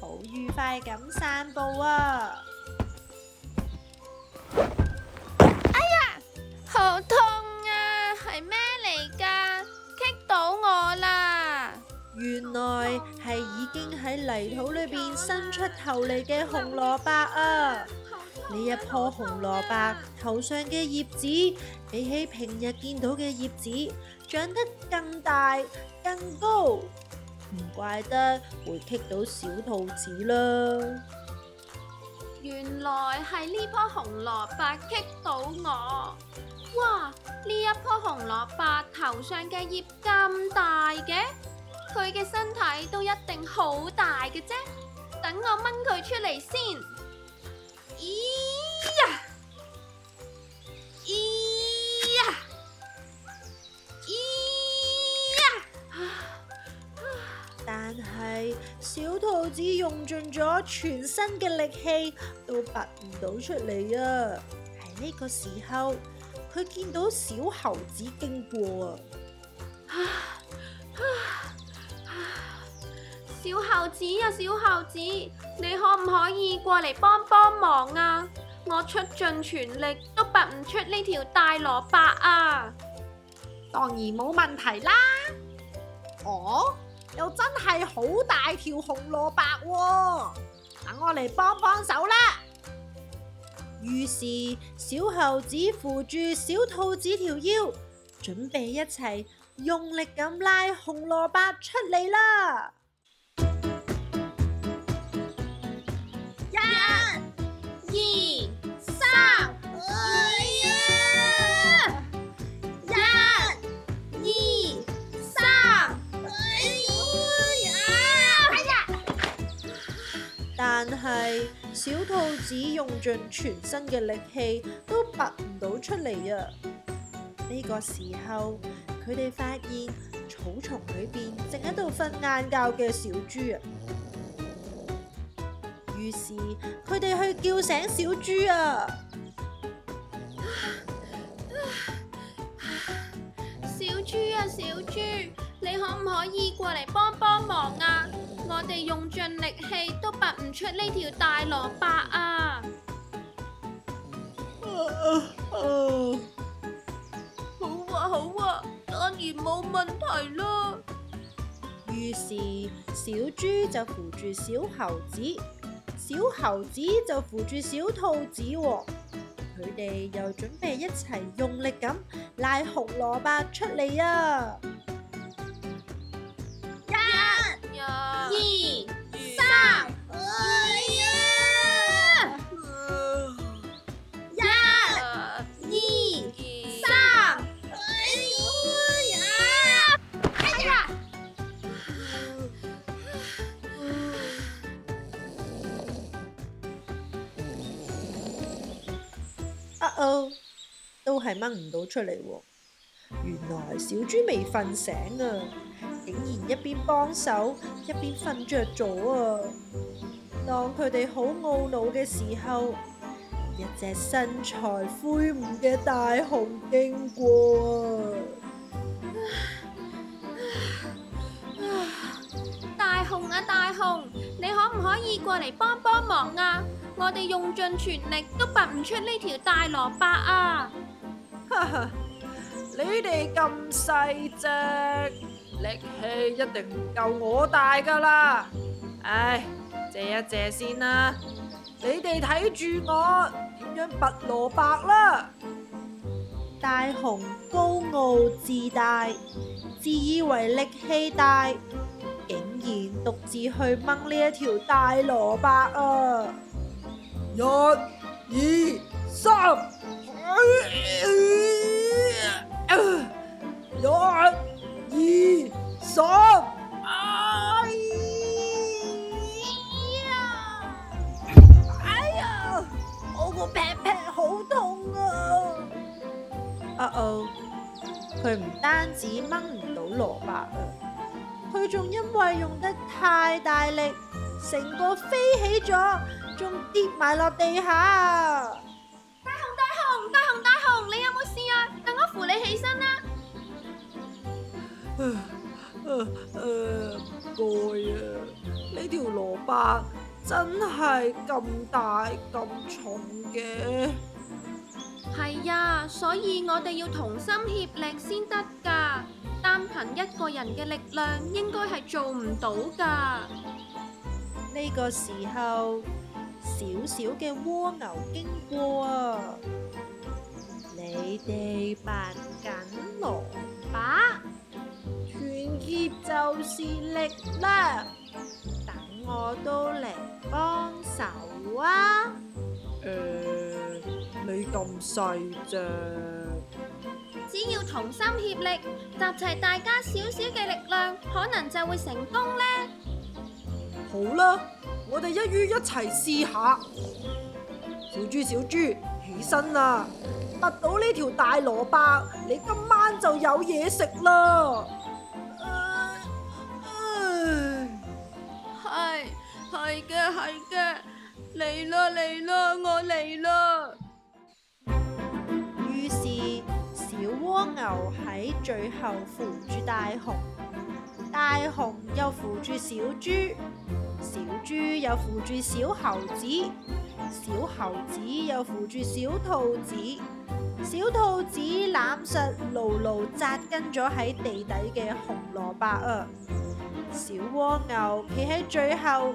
好愉快咁散步啊！哎呀，好痛啊！係咩嚟噶？棘到我啦！原來係已經喺泥土裏邊伸出頭嚟嘅紅蘿卜啊！呢一棵紅蘿卜頭上嘅葉子，比起平日見到嘅葉子，長得更大更高。唔怪得會棘到小兔子啦！原來係呢棵紅蘿蔔棘到我。哇！呢一棵紅蘿蔔頭上嘅葉咁大嘅，佢嘅身體都一定好大嘅啫。等我掹佢出嚟先。只用盡咗全身嘅力氣都拔唔到出嚟啊！喺呢個時候，佢見到小猴子經過啊，啊，啊，啊！小猴子啊，小猴子，你可唔可以過嚟幫幫忙啊？我出盡全力都拔唔出呢條大蘿蔔啊！當然冇問題啦，哦。又真係好大條紅蘿蔔喎，等我嚟幫幫手啦。於是小猴子扶住小兔子條腰，準備一齊用力咁拉紅蘿蔔出嚟啦。一、二。但係小兔子用盡全身嘅力氣都拔唔到出嚟啊！呢個時候佢哋發現草叢裏邊正喺度瞓晏覺嘅小豬啊，於是佢哋去叫醒小豬啊,啊,啊,啊！小豬啊，小豬！你可唔可以過嚟幫幫忙啊？我哋用盡力氣都拔唔出呢條大蘿蔔啊！啊啊好啊好啊，當然冇問題啦。於是小豬就扶住小猴子，小猴子就扶住小兔子，佢哋又準備一齊用力咁拉紅蘿蔔出嚟啊！都係掹唔到出嚟喎。原來小豬未瞓醒啊，竟然一邊幫手一邊瞓着咗啊。當佢哋好懊惱嘅時候，一隻身材魁梧嘅大熊經過啊！大熊啊，大熊，你可唔可以過嚟幫幫忙啊？我哋用盡全力都拔唔出呢條大蘿蔔啊！你哋咁細隻，力氣一定唔夠我大噶啦。唉，借一借先啦。你哋睇住我點樣拔蘿蔔啦。大雄高傲自大，自以為力氣大，竟然獨自去掹呢一條大蘿蔔啊。一、二、三。呀！呀！咦！哎呀！哎呀！我個屁屁好痛啊！啊哦、uh！佢、oh，唔單止掹唔到蘿蔔啊，佢仲因為用得太大力，成個飛起咗，仲跌埋落地下。起身啦，啊！誒誒誒，唔該啊，呢條蘿蔔真係咁大咁重嘅。係呀，啊，所以我哋要同心協力先得噶，單憑一個人嘅力量應該係做唔到噶。呢個時候，小小嘅蝸牛經過。力量，等我都嚟幫手啊！誒，你咁細隻，只要同心協力，集齊大家少少嘅力量，可能就會成功咧。好啦，我哋一於一齊試下。小豬，小豬，起身啦！拔到呢條大蘿蔔，你今晚就有嘢食啦！係嘅，係嘅，嚟啦嚟啦，我嚟啦！於是小蝸牛喺最後扶住大熊，大熊又扶住小豬，小豬又扶住小猴子，小猴子又扶住小兔子，小兔子攬實牢牢紮根咗喺地底嘅紅蘿蔔啊！小蝸牛企喺最後。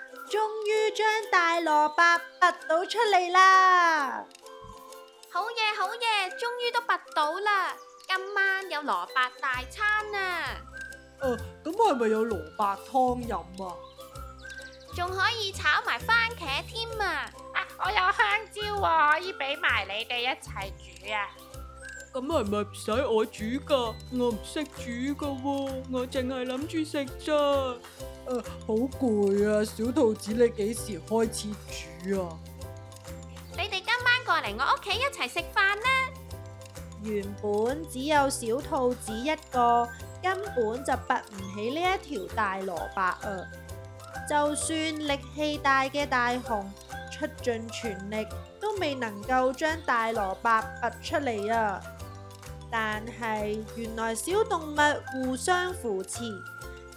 終於將大蘿蔔拔到出嚟啦！好嘢好嘢，終於都拔到啦！今晚有蘿蔔大餐啊！誒、呃，咁係咪有蘿蔔湯飲啊？仲可以炒埋蕃茄添啊，啊！我有香蕉喎，啊，可以俾埋你哋一齊煮啊！咁係咪唔使我煮噶？我唔識煮噶喎，哦，我淨係諗住食咋。呃，好攰啊！小兔子，你幾時開始煮啊？你哋今晚過嚟我屋企一齊食飯啦！原本只有小兔子一個，根本就拔唔起呢一條大蘿蔔啊！就算力氣大嘅大熊出盡全力，都未能夠將大蘿蔔拔出嚟啊！但係原來小動物互相扶持，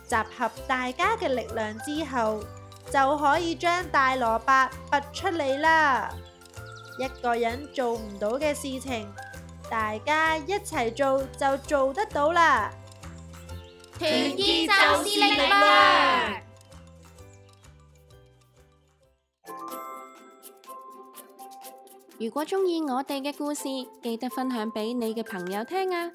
集合大家嘅力量之後，就可以將大蘿卜拔出嚟啦！一個人做唔到嘅事情，大家一齊做就做得到啦！團結就是力量。如果中意我哋嘅故事，記得分享俾你嘅朋友聽啊！